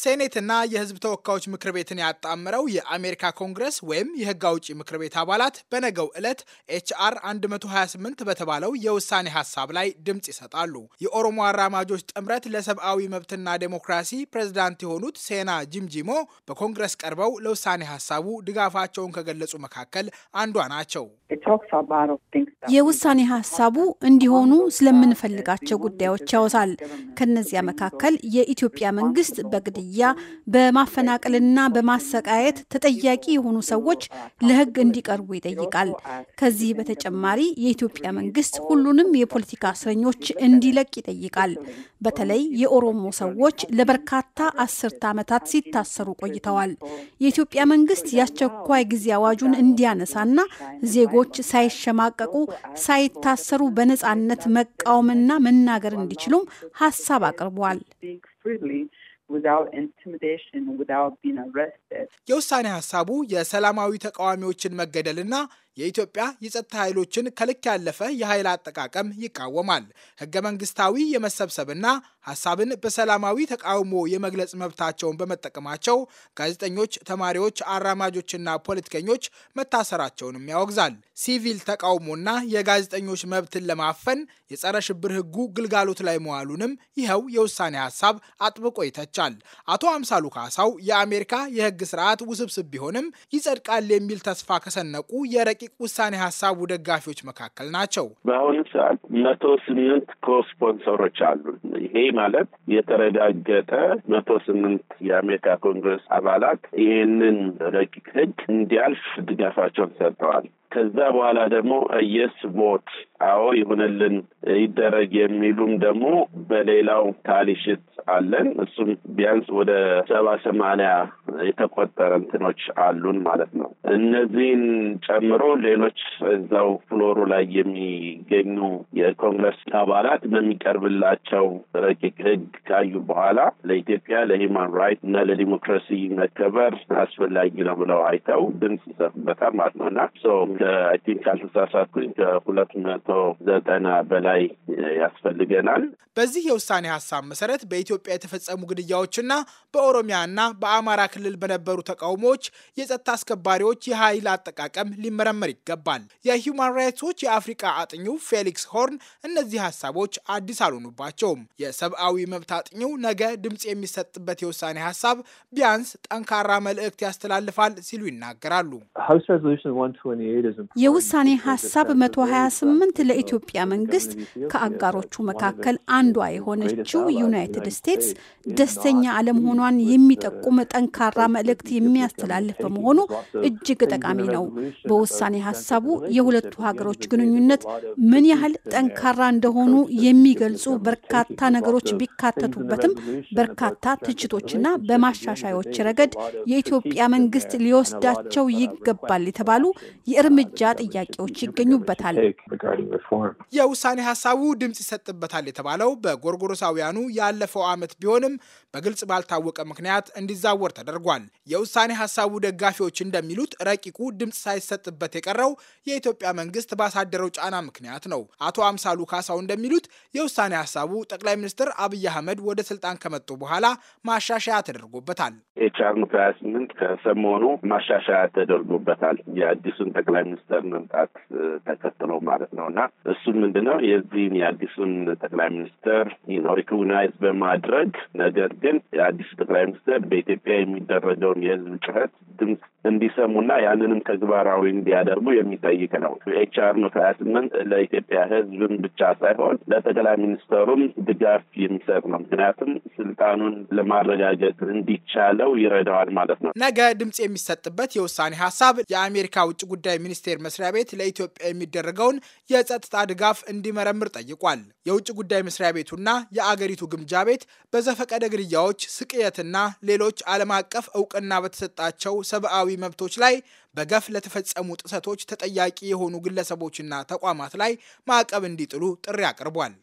ሴኔትና የህዝብ ተወካዮች ምክር ቤትን ያጣምረው የአሜሪካ ኮንግረስ ወይም የህግ አውጪ ምክር ቤት አባላት በነገው ዕለት ኤችአር 128 በተባለው የውሳኔ ሀሳብ ላይ ድምፅ ይሰጣሉ። የኦሮሞ አራማጆች ጥምረት ለሰብአዊ መብትና ዴሞክራሲ ፕሬዝዳንት የሆኑት ሴና ጂምጂሞ በኮንግረስ ቀርበው ለውሳኔ ሀሳቡ ድጋፋቸውን ከገለጹ መካከል አንዷ ናቸው። የውሳኔ ሀሳቡ እንዲሆኑ ስለምንፈልጋቸው ጉዳዮች ያወሳል። ከነዚያ መካከል የኢትዮጵያ መንግስት በግድያ በማፈናቀልና በማሰቃየት ተጠያቂ የሆኑ ሰዎች ለህግ እንዲቀርቡ ይጠይቃል። ከዚህ በተጨማሪ የኢትዮጵያ መንግስት ሁሉንም የፖለቲካ እስረኞች እንዲለቅ ይጠይቃል። በተለይ የኦሮሞ ሰዎች ለበርካታ አስርተ ዓመታት ሲታሰሩ ቆይተዋል። የኢትዮጵያ መንግስት የአስቸኳይ ጊዜ አዋጁን እንዲያነሳና ዜጎች ሰዎች ሳይሸማቀቁ፣ ሳይታሰሩ በነጻነት መቃወምና መናገር እንዲችሉም ሀሳብ አቅርቧል። የውሳኔ ሀሳቡ የሰላማዊ ተቃዋሚዎችን መገደልና የኢትዮጵያ የጸጥታ ኃይሎችን ከልክ ያለፈ የኃይል አጠቃቀም ይቃወማል። ህገ መንግስታዊ የመሰብሰብና ሀሳብን በሰላማዊ ተቃውሞ የመግለጽ መብታቸውን በመጠቀማቸው ጋዜጠኞች፣ ተማሪዎች፣ አራማጆችና ፖለቲከኞች መታሰራቸውንም ያወግዛል። ሲቪል ተቃውሞና የጋዜጠኞች መብትን ለማፈን የጸረ ሽብር ህጉ ግልጋሎት ላይ መዋሉንም ይኸው የውሳኔ ሀሳብ አጥብቆ ይተቻል። አቶ አምሳሉ ካሳው የአሜሪካ የህግ ስርዓት ውስብስብ ቢሆንም ይጸድቃል የሚል ተስፋ ከሰነቁ የረቂ የረቂቅ ውሳኔ ሀሳቡ ደጋፊዎች መካከል ናቸው። በአሁኑ ሰዓት መቶ ስምንት ኮስፖንሰሮች አሉ። ይሄ ማለት የተረጋገጠ መቶ ስምንት የአሜሪካ ኮንግረስ አባላት ይህንን ረቂቅ ህግ እንዲያልፍ ድጋፋቸውን ሰጥተዋል። ከዛ በኋላ ደግሞ የስ ቦት አዎ ይሁንልን ይደረግ የሚሉም ደግሞ በሌላው ታሊሽት አለን። እሱም ቢያንስ ወደ ሰባ ሰማንያ የተቆጠረ እንትኖች አሉን ማለት ነው። እነዚህን ጨምሮ ሌሎች እዛው ፍሎሩ ላይ የሚገኙ የኮንግረስ አባላት በሚቀርብላቸው ረቂቅ ህግ ካዩ በኋላ ለኢትዮጵያ ለሂማን ራይት እና ለዲሞክራሲ መከበር አስፈላጊ ነው ብለው አይተው ድምፅ ይሰጡበታል ማለት ነው እና አይ ቲንክ ካልተሳሳትኩኝ ከሁለት መቶ ዘጠና በላይ ያስፈልገናል። በዚህ የውሳኔ ሀሳብ መሰረት በኢትዮጵያ የተፈጸሙ ግድያዎችና በኦሮሚያና በአማራ ክልል በነበሩ ተቃውሞዎች የጸጥታ አስከባሪዎች የኃይል አጠቃቀም ሊመረመር ይገባል። የሂውማን ራይትሶች የአፍሪቃ አጥኙ ፌሊክስ ሆርን እነዚህ ሀሳቦች አዲስ አልሆኑባቸውም። የሰብአዊ መብት አጥኙ ነገ ድምፅ የሚሰጥበት የውሳኔ ሀሳብ ቢያንስ ጠንካራ መልእክት ያስተላልፋል ሲሉ ይናገራሉ። የውሳኔ ሀሳብ 128 ለኢትዮጵያ መንግስት ከአጋሮቹ መካከል አንዷ የሆነችው ዩናይትድ ስቴትስ ደስተኛ አለመሆኗን የሚጠቁም ጠንካራ መልእክት የሚያስተላልፍ በመሆኑ እጅግ ጠቃሚ ነው። በውሳኔ ሀሳቡ የሁለቱ ሀገሮች ግንኙነት ምን ያህል ጠንካራ እንደሆኑ የሚገልጹ በርካታ ነገሮች ቢካተቱበትም በርካታ ትችቶችና በማሻሻዮች ረገድ የኢትዮጵያ መንግስት ሊወስዳቸው ይገባል የተባሉ የእርምጃ እርምጃ ጥያቄዎች ይገኙበታል። የውሳኔ ሀሳቡ ድምፅ ይሰጥበታል የተባለው በጎርጎሮሳውያኑ ያለፈው ዓመት ቢሆንም በግልጽ ባልታወቀ ምክንያት እንዲዛወር ተደርጓል። የውሳኔ ሀሳቡ ደጋፊዎች እንደሚሉት ረቂቁ ድምፅ ሳይሰጥበት የቀረው የኢትዮጵያ መንግስት ባሳደረው ጫና ምክንያት ነው። አቶ አምሳሉ ካሳው እንደሚሉት የውሳኔ ሀሳቡ ጠቅላይ ሚኒስትር አብይ አህመድ ወደ ስልጣን ከመጡ በኋላ ማሻሻያ ተደርጎበታል። ኤችአር ሃያ ስምንት ከሰሞኑ ማሻሻያ ተደርጎበታል። የአዲሱን ጠቅላይ ሚኒስተር መምጣት ተከትሎ ማለት ነው እና እሱም ምንድነው የዚህን የአዲሱን ጠቅላይ ሚኒስተር ሪኮግናይዝ በማድረግ ነገር ግን የአዲሱ ጠቅላይ ሚኒስተር በኢትዮጵያ የሚደረገውን የህዝብ ጩኸት ድምፅ እንዲሰሙና ያንንም ተግባራዊ እንዲያደርጉ የሚጠይቅ ነው። ኤችአር መቶ ሀያ ስምንት ለኢትዮጵያ ህዝብም ብቻ ሳይሆን ለጠቅላይ ሚኒስተሩም ድጋፍ የሚሰጥ ነው። ምክንያቱም ስልጣኑን ለማረጋገጥ እንዲቻለው ይረዳዋል ማለት ነው። ነገ ድምፅ የሚሰጥበት የውሳኔ ሀሳብ የአሜሪካ ውጭ ጉዳይ ሚኒስ ሚኒስቴር መስሪያ ቤት ለኢትዮጵያ የሚደረገውን የጸጥታ ድጋፍ እንዲመረምር ጠይቋል። የውጭ ጉዳይ መስሪያ ቤቱና የአገሪቱ ግምጃ ቤት በዘፈቀደ ግድያዎች፣ ስቅየትና ሌሎች ዓለም አቀፍ እውቅና በተሰጣቸው ሰብአዊ መብቶች ላይ በገፍ ለተፈጸሙ ጥሰቶች ተጠያቂ የሆኑ ግለሰቦችና ተቋማት ላይ ማዕቀብ እንዲጥሉ ጥሪ አቅርቧል።